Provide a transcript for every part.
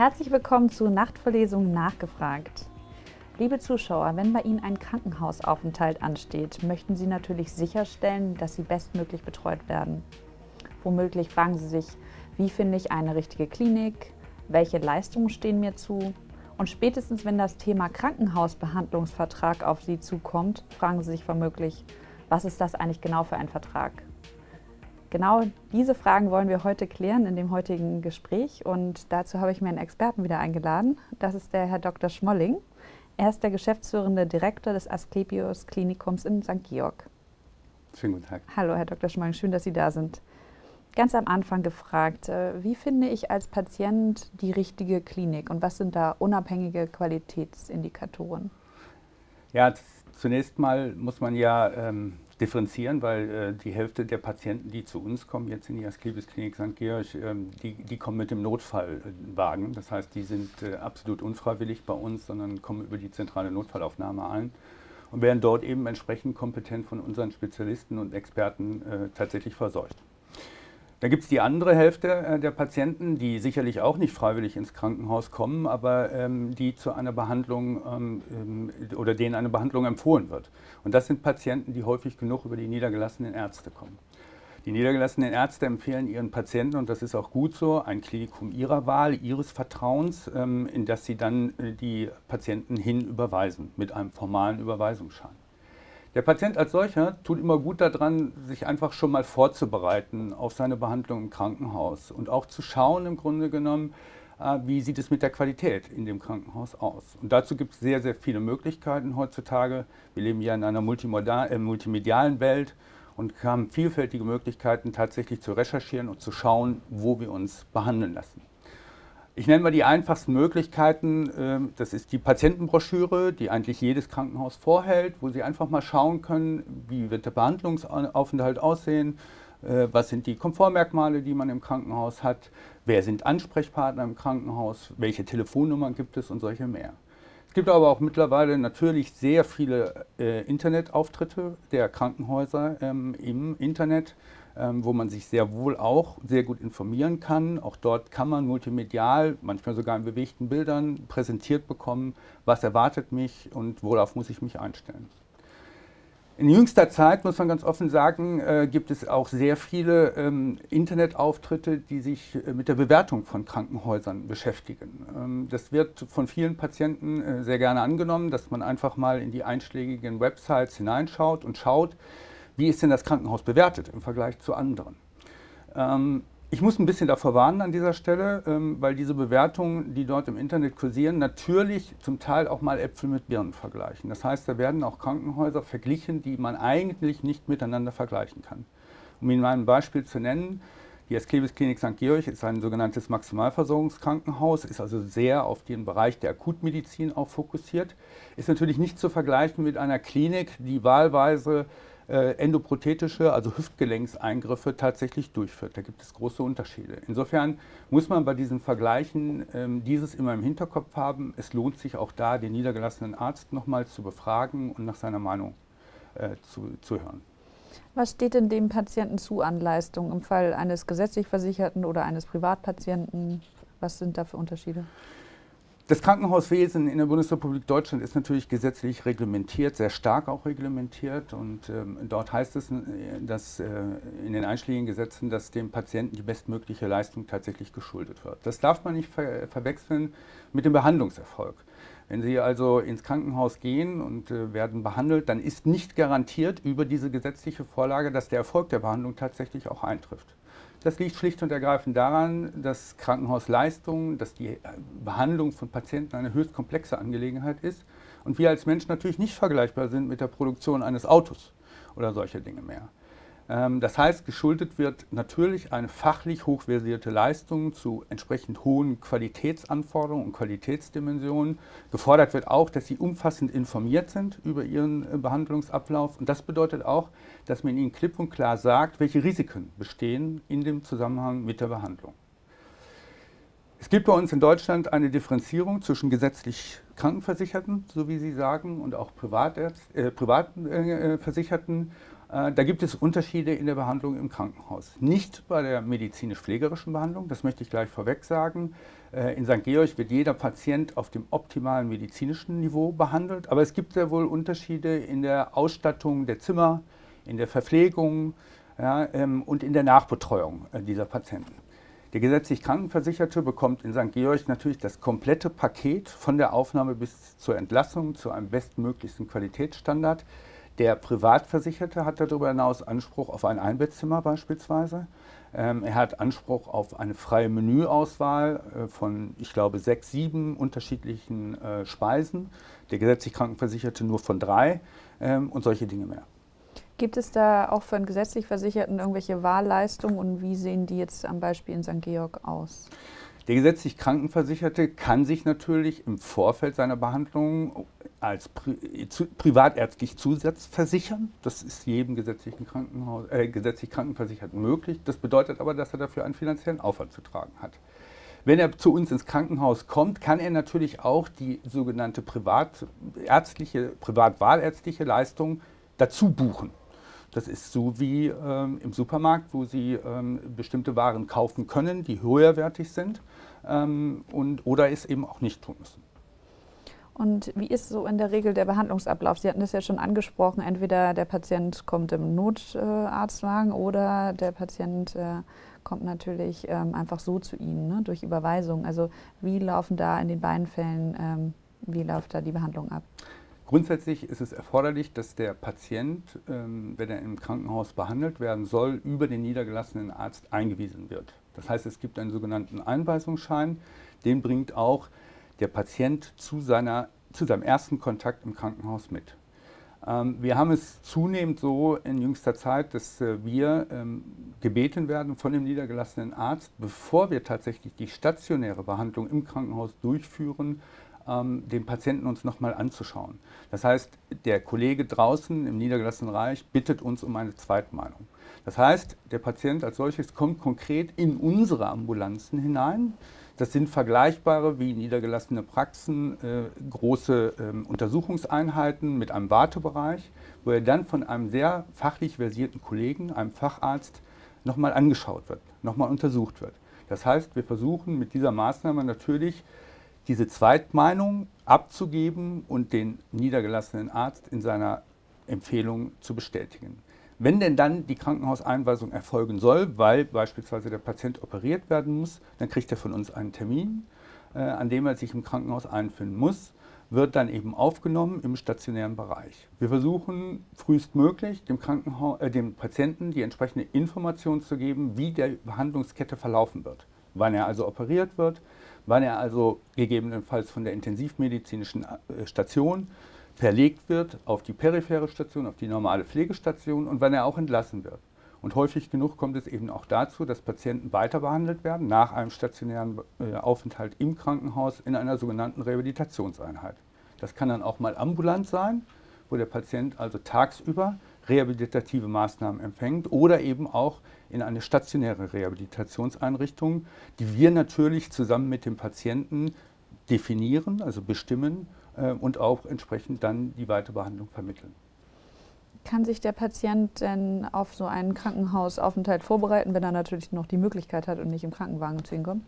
Herzlich willkommen zu Nachtverlesung nachgefragt. Liebe Zuschauer, wenn bei Ihnen ein Krankenhausaufenthalt ansteht, möchten Sie natürlich sicherstellen, dass Sie bestmöglich betreut werden. Womöglich fragen Sie sich, wie finde ich eine richtige Klinik, welche Leistungen stehen mir zu und spätestens wenn das Thema Krankenhausbehandlungsvertrag auf Sie zukommt, fragen Sie sich womöglich, was ist das eigentlich genau für ein Vertrag? Genau diese Fragen wollen wir heute klären in dem heutigen Gespräch und dazu habe ich mir einen Experten wieder eingeladen. Das ist der Herr Dr. Schmolling. Er ist der geschäftsführende Direktor des Asklepios Klinikums in St. Georg. Schönen guten Tag. Hallo, Herr Dr. Schmolling, schön, dass Sie da sind. Ganz am Anfang gefragt, äh, wie finde ich als Patient die richtige Klinik und was sind da unabhängige Qualitätsindikatoren? Ja, zunächst mal muss man ja ähm, differenzieren, weil äh, die Hälfte der Patienten, die zu uns kommen, jetzt in die Asklepios Klinik St. Georg, ähm, die, die kommen mit dem Notfallwagen. Das heißt, die sind äh, absolut unfreiwillig bei uns, sondern kommen über die zentrale Notfallaufnahme ein und werden dort eben entsprechend kompetent von unseren Spezialisten und Experten äh, tatsächlich verseucht. Da gibt es die andere Hälfte äh, der Patienten, die sicherlich auch nicht freiwillig ins Krankenhaus kommen, aber ähm, die zu einer Behandlung ähm, ähm, oder denen eine Behandlung empfohlen wird. Und das sind Patienten, die häufig genug über die niedergelassenen Ärzte kommen. Die niedergelassenen Ärzte empfehlen ihren Patienten, und das ist auch gut so, ein Klinikum ihrer Wahl, ihres Vertrauens, ähm, in das sie dann äh, die Patienten hin überweisen mit einem formalen Überweisungsschein. Der Patient als solcher tut immer gut daran, sich einfach schon mal vorzubereiten auf seine Behandlung im Krankenhaus und auch zu schauen im Grunde genommen, äh, wie sieht es mit der Qualität in dem Krankenhaus aus. Und dazu gibt es sehr, sehr viele Möglichkeiten heutzutage. Wir leben ja in einer äh, multimedialen Welt und haben vielfältige Möglichkeiten tatsächlich zu recherchieren und zu schauen, wo wir uns behandeln lassen. Ich nenne mal die einfachsten Möglichkeiten. Ähm, das ist die Patientenbroschüre, die eigentlich jedes Krankenhaus vorhält, wo Sie einfach mal schauen können, wie wird der Behandlungsaufenthalt aussehen, äh, was sind die Komfortmerkmale, die man im Krankenhaus hat, wer sind Ansprechpartner im Krankenhaus, welche Telefonnummern gibt es und solche mehr. Es gibt aber auch mittlerweile natürlich sehr viele äh, Internetauftritte der Krankenhäuser ähm, im Internet ähm, wo man sich sehr wohl auch sehr gut informieren kann. Auch dort kann man multimedial, manchmal sogar in bewegten Bildern, präsentiert bekommen, was erwartet mich und worauf muss ich mich einstellen. In jüngster Zeit, muss man ganz offen sagen, äh, gibt es auch sehr viele ähm, Internetauftritte, die sich äh, mit der Bewertung von Krankenhäusern beschäftigen. Ähm, das wird von vielen Patienten äh, sehr gerne angenommen, dass man einfach mal in die einschlägigen Websites hineinschaut und schaut, wie ist denn das Krankenhaus bewertet im Vergleich zu anderen. Ähm, ich muss ein bisschen davor warnen an dieser Stelle, ähm, weil diese Bewertungen, die dort im Internet kursieren, natürlich zum Teil auch mal Äpfel mit Birnen vergleichen. Das heißt, da werden auch Krankenhäuser verglichen, die man eigentlich nicht miteinander vergleichen kann. Um Ihnen mal ein Beispiel zu nennen, die Asklepios Klinik St. Georg ist ein sogenanntes Maximalversorgungskrankenhaus, ist also sehr auf den Bereich der Akutmedizin auch fokussiert. Ist natürlich nicht zu vergleichen mit einer Klinik, die wahlweise äh, endoprothetische, also Hüftgelenkseingriffe tatsächlich durchführt. Da gibt es große Unterschiede. Insofern muss man bei diesen Vergleichen ähm, dieses immer im Hinterkopf haben. Es lohnt sich auch da, den niedergelassenen Arzt nochmal zu befragen und nach seiner Meinung äh, zu, zu hören. Was steht denn dem Patienten zu an Leistung im Fall eines gesetzlich Versicherten oder eines Privatpatienten? Was sind da für Unterschiede? Das Krankenhauswesen in der Bundesrepublik Deutschland ist natürlich gesetzlich reglementiert, sehr stark auch reglementiert. Und ähm, dort heißt es, äh, dass äh, in den einschlägigen Gesetzen, dass dem Patienten die bestmögliche Leistung tatsächlich geschuldet wird. Das darf man nicht ver verwechseln mit dem Behandlungserfolg. Wenn Sie also ins Krankenhaus gehen und äh, werden behandelt, dann ist nicht garantiert über diese gesetzliche Vorlage, dass der Erfolg der Behandlung tatsächlich auch eintrifft. Das liegt schlicht und ergreifend daran, dass Krankenhausleistungen, dass die äh, Behandlung von Patienten eine höchst komplexe Angelegenheit ist und wir als Menschen natürlich nicht vergleichbar sind mit der Produktion eines Autos oder solche Dinge mehr. Ähm, das heißt, geschuldet wird natürlich eine fachlich hochversierte Leistung zu entsprechend hohen Qualitätsanforderungen und Qualitätsdimensionen. Gefordert wird auch, dass sie umfassend informiert sind über ihren äh, Behandlungsablauf. Und das bedeutet auch, dass man ihnen klipp und klar sagt, welche Risiken bestehen in dem Zusammenhang mit der Behandlung. Es gibt bei uns in Deutschland eine Differenzierung zwischen gesetzlich Krankenversicherten, so wie Sie sagen, und auch Privatärzt, äh, Privatversicherten. Äh, äh, da gibt es Unterschiede in der Behandlung im Krankenhaus. Nicht bei der medizinisch-pflegerischen Behandlung, das möchte ich gleich vorweg sagen. Äh, in St. Georg wird jeder Patient auf dem optimalen medizinischen Niveau behandelt, aber es gibt sehr wohl Unterschiede in der Ausstattung der Zimmer, in der Verpflegung ja, ähm, und in der Nachbetreuung äh, dieser Patienten. Der gesetzlich Krankenversicherte bekommt in St. Georg natürlich das komplette Paket von der Aufnahme bis zur Entlassung zu einem bestmöglichsten Qualitätsstandard. Der Privatversicherte hat darüber hinaus Anspruch auf ein Einbettzimmer beispielsweise. Ähm, er hat Anspruch auf eine freie Menüauswahl äh, von, ich glaube, sechs, sieben unterschiedlichen äh, Speisen. Der gesetzlich Krankenversicherte nur von drei ähm, und solche Dinge mehr. Gibt es da auch für einen gesetzlich Versicherten irgendwelche Wahlleistungen und wie sehen die jetzt am Beispiel in St. Georg aus? Der gesetzlich Krankenversicherte kann sich natürlich im Vorfeld seiner Behandlung als Pri zu, privatärztlich Zusatzversichern. Das ist jedem gesetzlichen, Krankenhaus, äh, gesetzlich Krankenversicherten möglich. Das bedeutet aber, dass er dafür einen finanziellen Aufwand zu tragen hat. Wenn er zu uns ins Krankenhaus kommt, kann er natürlich auch die sogenannte privatärztliche, privatwahlärztliche Leistung dazu buchen. Das ist so wie ähm, im Supermarkt, wo Sie ähm, bestimmte Waren kaufen können, die höherwertig sind ähm, und, oder es eben auch nicht tun müssen. Und wie ist so in der Regel der Behandlungsablauf? Sie hatten das ja schon angesprochen, entweder der Patient kommt im Notarztwagen äh, oder der Patient äh, kommt natürlich ähm, einfach so zu Ihnen ne, durch Überweisung. Also wie laufen da in den beiden Fällen, ähm, wie läuft da die Behandlung ab? Grundsätzlich ist es erforderlich, dass der Patient, ähm, wenn er im Krankenhaus behandelt werden soll, über den niedergelassenen Arzt eingewiesen wird. Das heißt, es gibt einen sogenannten Einweisungsschein, den bringt auch der Patient zu, seiner, zu seinem ersten Kontakt im Krankenhaus mit. Ähm, wir haben es zunehmend so in jüngster Zeit, dass äh, wir ähm, gebeten werden von dem niedergelassenen Arzt, bevor wir tatsächlich die stationäre Behandlung im Krankenhaus durchführen, ähm, den Patienten uns nochmal anzuschauen. Das heißt, der Kollege draußen im niedergelassenen Reich bittet uns um eine Zweitmeinung. Das heißt, der Patient als solches kommt konkret in unsere Ambulanzen hinein. Das sind vergleichbare wie niedergelassene Praxen, äh, große äh, Untersuchungseinheiten mit einem Wartebereich, wo er dann von einem sehr fachlich versierten Kollegen, einem Facharzt, nochmal angeschaut wird, nochmal untersucht wird. Das heißt, wir versuchen mit dieser Maßnahme natürlich diese Zweitmeinung abzugeben und den niedergelassenen Arzt in seiner Empfehlung zu bestätigen. Wenn denn dann die Krankenhauseinweisung erfolgen soll, weil beispielsweise der Patient operiert werden muss, dann kriegt er von uns einen Termin, äh, an dem er sich im Krankenhaus einfinden muss, wird dann eben aufgenommen im stationären Bereich. Wir versuchen frühestmöglich dem, Krankenhaus, äh, dem Patienten die entsprechende Information zu geben, wie der Behandlungskette verlaufen wird, wann er also operiert wird, Wann er also gegebenenfalls von der intensivmedizinischen äh, Station verlegt wird auf die periphere Station, auf die normale Pflegestation und wann er auch entlassen wird. Und häufig genug kommt es eben auch dazu, dass Patienten weiter behandelt werden nach einem stationären äh, Aufenthalt im Krankenhaus in einer sogenannten Rehabilitationseinheit. Das kann dann auch mal ambulant sein, wo der Patient also tagsüber rehabilitative Maßnahmen empfängt oder eben auch in eine stationäre Rehabilitationseinrichtung, die wir natürlich zusammen mit dem Patienten definieren, also bestimmen äh, und auch entsprechend dann die Weiterbehandlung vermitteln. Kann sich der Patient denn auf so einen Krankenhausaufenthalt vorbereiten, wenn er natürlich noch die Möglichkeit hat und nicht im Krankenwagen zu ihm kommt?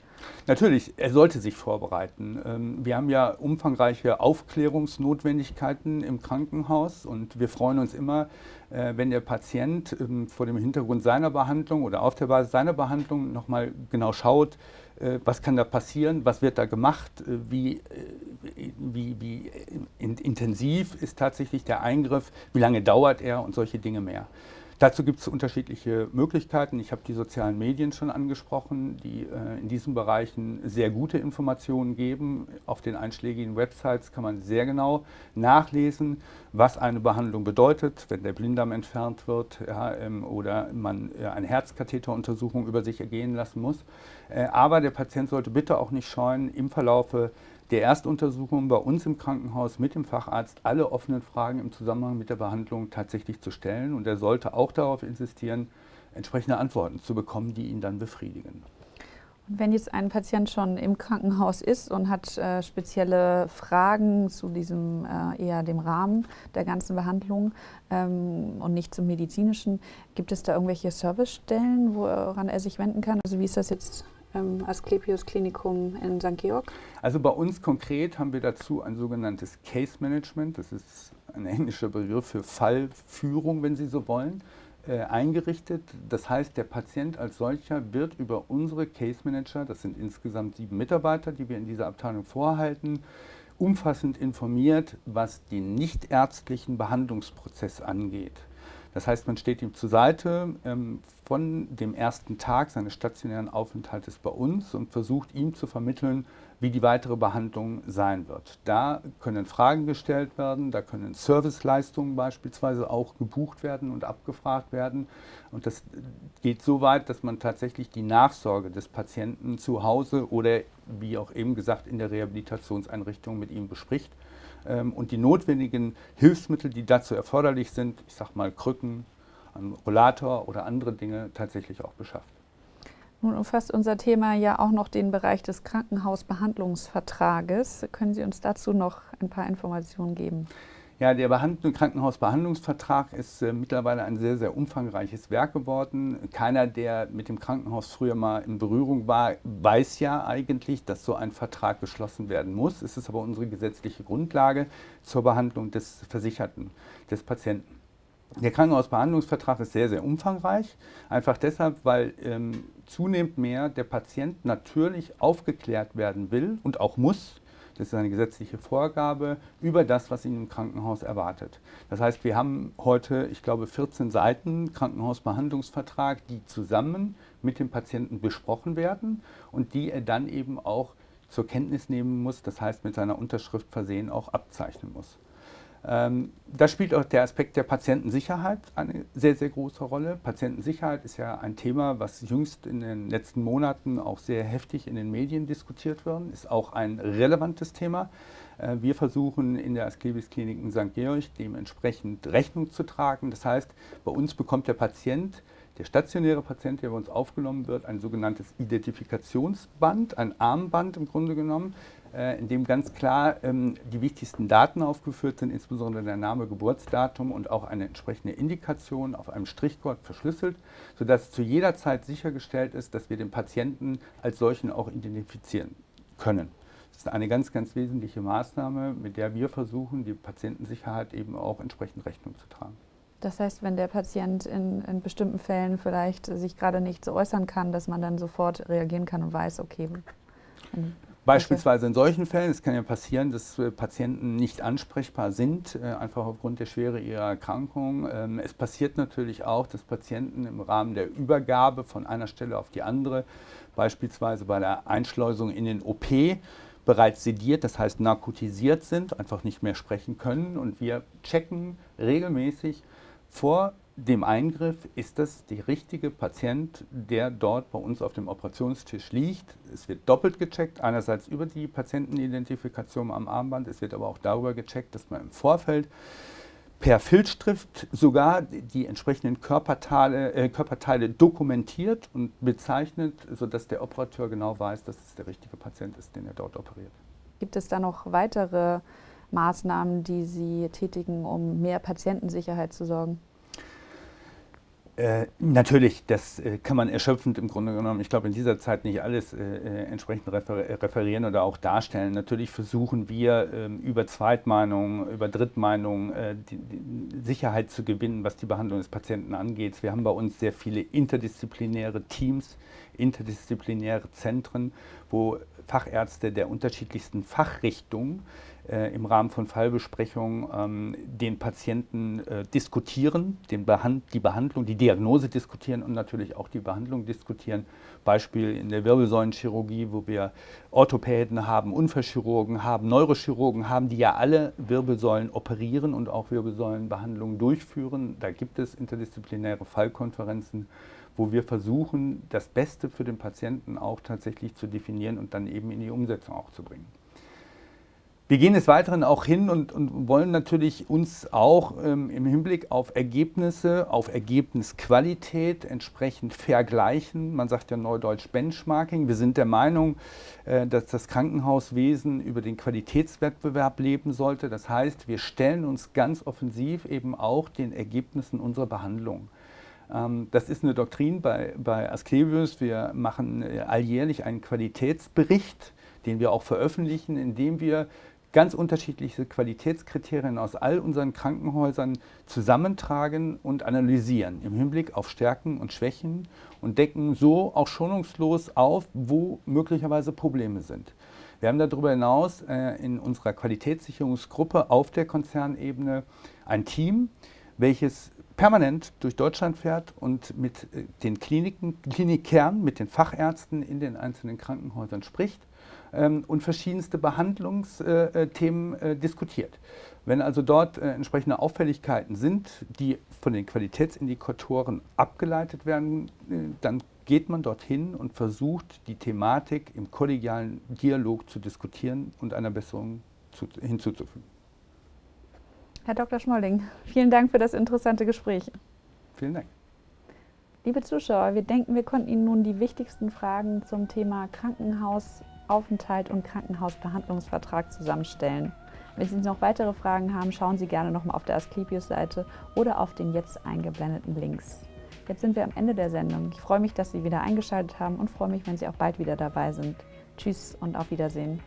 Natürlich, er sollte sich vorbereiten. Ähm, wir haben ja umfangreiche Aufklärungsnotwendigkeiten im Krankenhaus und wir freuen uns immer, äh, wenn der Patient ähm, vor dem Hintergrund seiner Behandlung oder auf der Basis seiner Behandlung nochmal genau schaut, äh, was kann da passieren, was wird da gemacht, äh, äh, wie, wie, wie intensiv ist tatsächlich der Eingriff, wie lange dauert er und solche Dinge mehr. Dazu gibt es unterschiedliche Möglichkeiten. Ich habe die sozialen Medien schon angesprochen, die äh, in diesen Bereichen sehr gute Informationen geben. Auf den einschlägigen Websites kann man sehr genau nachlesen, was eine Behandlung bedeutet, wenn der Blinddarm entfernt wird ja, ähm, oder man äh, eine Herzkatheteruntersuchung über sich ergehen lassen muss. Äh, aber der Patient sollte bitte auch nicht scheuen, im Verlaufe der Erstuntersuchung bei uns im Krankenhaus mit dem Facharzt alle offenen Fragen im Zusammenhang mit der Behandlung tatsächlich zu stellen. Und er sollte auch darauf insistieren, entsprechende Antworten zu bekommen, die ihn dann befriedigen. Und wenn jetzt ein Patient schon im Krankenhaus ist und hat äh, spezielle Fragen zu diesem äh, eher dem Rahmen der ganzen Behandlung ähm, und nicht zum medizinischen, gibt es da irgendwelche Servicestellen, woran er sich wenden kann? Also wie ist das jetzt ähm, Asklepios Klinikum in St. Georg? Also bei uns konkret haben wir dazu ein sogenanntes Case Management, das ist ein englischer Begriff für Fallführung, wenn Sie so wollen, äh, eingerichtet. Das heißt, der Patient als solcher wird über unsere Case Manager, das sind insgesamt sieben Mitarbeiter, die wir in dieser Abteilung vorhalten, umfassend informiert, was den nichtärztlichen Behandlungsprozess angeht. Das heißt, man steht ihm zur Seite ähm, von dem ersten Tag seines stationären Aufenthaltes bei uns und versucht ihm zu vermitteln, wie die weitere Behandlung sein wird. Da können Fragen gestellt werden, da können Serviceleistungen beispielsweise auch gebucht werden und abgefragt werden. Und das geht so weit, dass man tatsächlich die Nachsorge des Patienten zu Hause oder, wie auch eben gesagt, in der Rehabilitationseinrichtung mit ihm bespricht ähm, und die notwendigen Hilfsmittel, die dazu erforderlich sind, ich sage mal Krücken, ein Rollator oder andere Dinge tatsächlich auch beschafft. Nun umfasst unser Thema ja auch noch den Bereich des Krankenhausbehandlungsvertrages. Können Sie uns dazu noch ein paar Informationen geben? Ja, der Behandlung, Krankenhausbehandlungsvertrag ist äh, mittlerweile ein sehr, sehr umfangreiches Werk geworden. Keiner, der mit dem Krankenhaus früher mal in Berührung war, weiß ja eigentlich, dass so ein Vertrag geschlossen werden muss. Es ist aber unsere gesetzliche Grundlage zur Behandlung des Versicherten, des Patienten. Der Krankenhausbehandlungsvertrag ist sehr, sehr umfangreich. Einfach deshalb, weil ähm, zunehmend mehr der Patient natürlich aufgeklärt werden will und auch muss das ist eine gesetzliche Vorgabe über das, was ihn im Krankenhaus erwartet. Das heißt, wir haben heute, ich glaube, 14 Seiten Krankenhausbehandlungsvertrag, die zusammen mit dem Patienten besprochen werden und die er dann eben auch zur Kenntnis nehmen muss, das heißt mit seiner Unterschrift versehen auch abzeichnen muss. Ähm, da spielt auch der Aspekt der Patientensicherheit eine sehr, sehr große Rolle. Patientensicherheit ist ja ein Thema, was jüngst in den letzten Monaten auch sehr heftig in den Medien diskutiert wird, ist auch ein relevantes Thema. Äh, wir versuchen in der Asklepios Klinik in St. Georg dementsprechend Rechnung zu tragen. Das heißt, bei uns bekommt der Patient, der stationäre Patient, der bei uns aufgenommen wird, ein sogenanntes Identifikationsband, ein Armband im Grunde genommen, äh, in dem ganz klar ähm, die wichtigsten Daten aufgeführt sind, insbesondere der Name, Geburtsdatum und auch eine entsprechende Indikation auf einem Strichcode verschlüsselt, sodass zu jeder Zeit sichergestellt ist, dass wir den Patienten als solchen auch identifizieren können. Das ist eine ganz, ganz wesentliche Maßnahme, mit der wir versuchen, die Patientensicherheit eben auch entsprechend Rechnung zu tragen. Das heißt, wenn der Patient in, in, bestimmten Fällen vielleicht sich gerade nicht so äußern kann, dass man dann sofort reagieren kann und weiß, okay. Beispielsweise okay. in solchen Fällen, es kann ja passieren, dass äh, Patienten nicht ansprechbar sind, äh, einfach aufgrund der Schwere ihrer Erkrankung. Ähm, es passiert natürlich auch, dass Patienten im Rahmen der Übergabe von einer Stelle auf die andere, beispielsweise bei der Einschleusung in den OP, bereits sediert, das heißt narkotisiert sind, einfach nicht mehr sprechen können. Und wir checken regelmäßig vor dem Eingriff ist das der richtige Patient, der dort bei uns auf dem Operationstisch liegt. Es wird doppelt gecheckt, einerseits über die Patientenidentifikation am Armband, es wird aber auch darüber gecheckt, dass man im Vorfeld per Filzstift sogar die entsprechenden Körperteile, äh, Körperteile dokumentiert und bezeichnet, sodass der Operateur genau weiß, dass es der richtige Patient ist, den er dort operiert. Gibt es da noch weitere Maßnahmen, die Sie tätigen, um mehr Patientensicherheit zu sorgen? Äh, natürlich, das äh, kann man erschöpfend im Grunde genommen, ich glaube, in dieser Zeit nicht alles äh, äh entsprechend refer äh, referieren oder auch darstellen. Natürlich versuchen wir ähm, über Zweitmeinungen, über Drittmeinungen die, die Sicherheit zu gewinnen, was die Behandlung des Patienten angeht. Wir haben bei uns sehr viele interdisziplinäre Teams, interdisziplinäre Zentren, wo Fachärzte der unterschiedlichsten Fachrichtungen äh, im Rahmen von Fallbesprechungen ähm, den Patienten äh, diskutieren, den Behand die Behandlung, die Diagnose diskutieren und natürlich auch die Behandlung diskutieren. Beispiel in der Wirbelsäulenchirurgie, wo wir Orthopäden haben, Unfallchirurgen haben, Neurochirurgen haben, die ja alle Wirbelsäulen operieren und auch Wirbelsäulenbehandlungen durchführen. Da gibt es interdisziplinäre Fallkonferenzen wo wir versuchen, das Beste für den Patienten auch tatsächlich zu definieren und dann eben in die Umsetzung auch zu bringen. Wir gehen des Weiteren auch hin und, und wollen natürlich uns auch ähm, im Hinblick auf Ergebnisse, auf Ergebnisqualität entsprechend vergleichen. Man sagt ja neudeutsch Benchmarking. Wir sind der Meinung, äh, dass das Krankenhauswesen über den Qualitätswettbewerb leben sollte. Das heißt, wir stellen uns ganz offensiv eben auch den Ergebnissen unserer Behandlung. Ähm, das ist eine Doktrin bei, bei Asklepios. Wir machen äh, alljährlich einen Qualitätsbericht, den wir auch veröffentlichen, indem wir ganz unterschiedliche Qualitätskriterien aus all unseren Krankenhäusern zusammentragen und analysieren im Hinblick auf Stärken und Schwächen und decken so auch schonungslos auf, wo möglicherweise Probleme sind. Wir haben darüber hinaus äh, in unserer Qualitätssicherungsgruppe auf der Konzernebene ein Team, welches permanent durch Deutschland fährt und mit äh, den Kliniken, Klinikern, mit den Fachärzten in den einzelnen Krankenhäusern spricht ähm, und verschiedenste Behandlungsthemen äh, äh, äh, diskutiert. Wenn also dort äh, entsprechende Auffälligkeiten sind, die von den Qualitätsindikatoren abgeleitet werden, äh, dann geht man dorthin und versucht, die Thematik im kollegialen Dialog zu diskutieren und einer Besserung zu, hinzuzufügen. Herr Dr. Schmolling, vielen Dank für das interessante Gespräch. Vielen Dank. Liebe Zuschauer, wir denken, wir konnten Ihnen nun die wichtigsten Fragen zum Thema Krankenhausaufenthalt und Krankenhausbehandlungsvertrag zusammenstellen. Wenn Sie noch weitere Fragen haben, schauen Sie gerne nochmal auf der Asklepios-Seite oder auf den jetzt eingeblendeten Links. Jetzt sind wir am Ende der Sendung. Ich freue mich, dass Sie wieder eingeschaltet haben und freue mich, wenn Sie auch bald wieder dabei sind. Tschüss und auf Wiedersehen.